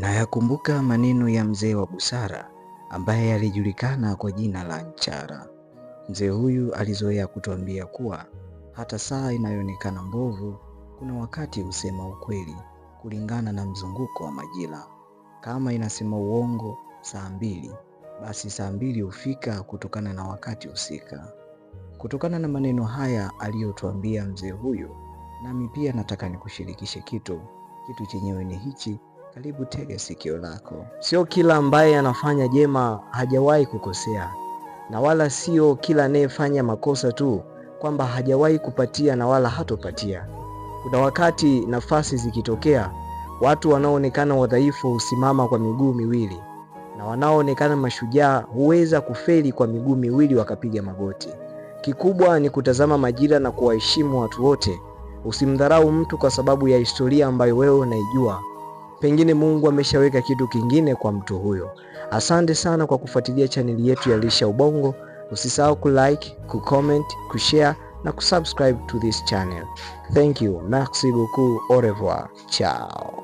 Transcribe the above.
Nayakumbuka maneno ya mzee wa busara ambaye alijulikana kwa jina la Nchara. Mzee huyu alizoea kutuambia kuwa hata saa inayoonekana mbovu kuna wakati husema ukweli kulingana na mzunguko wa majira. Kama inasema uongo saa mbili, basi saa mbili hufika kutokana na wakati husika. Kutokana na maneno haya aliyotuambia mzee huyu, nami pia nataka nikushirikishe kitu. Kitu chenyewe ni hichi karibu tega sikio lako. Sio kila ambaye anafanya jema hajawahi kukosea, na wala sio kila anayefanya makosa tu kwamba hajawahi kupatia na wala hatopatia. Kuna wakati nafasi zikitokea, watu wanaoonekana wadhaifu husimama kwa miguu miwili na wanaoonekana mashujaa huweza kufeli kwa miguu miwili wakapiga magoti. Kikubwa ni kutazama majira na kuwaheshimu watu wote. Usimdharau mtu kwa sababu ya historia ambayo wewe unaijua pengine Mungu ameshaweka kitu kingine kwa mtu huyo. Asante sana kwa kufuatilia chaneli yetu ya Lisha Ubongo. Usisahau kulike, kucomment, kushare na kusubscribe to this channel. Thank you. Merci beaucoup. Au revoir. Ciao.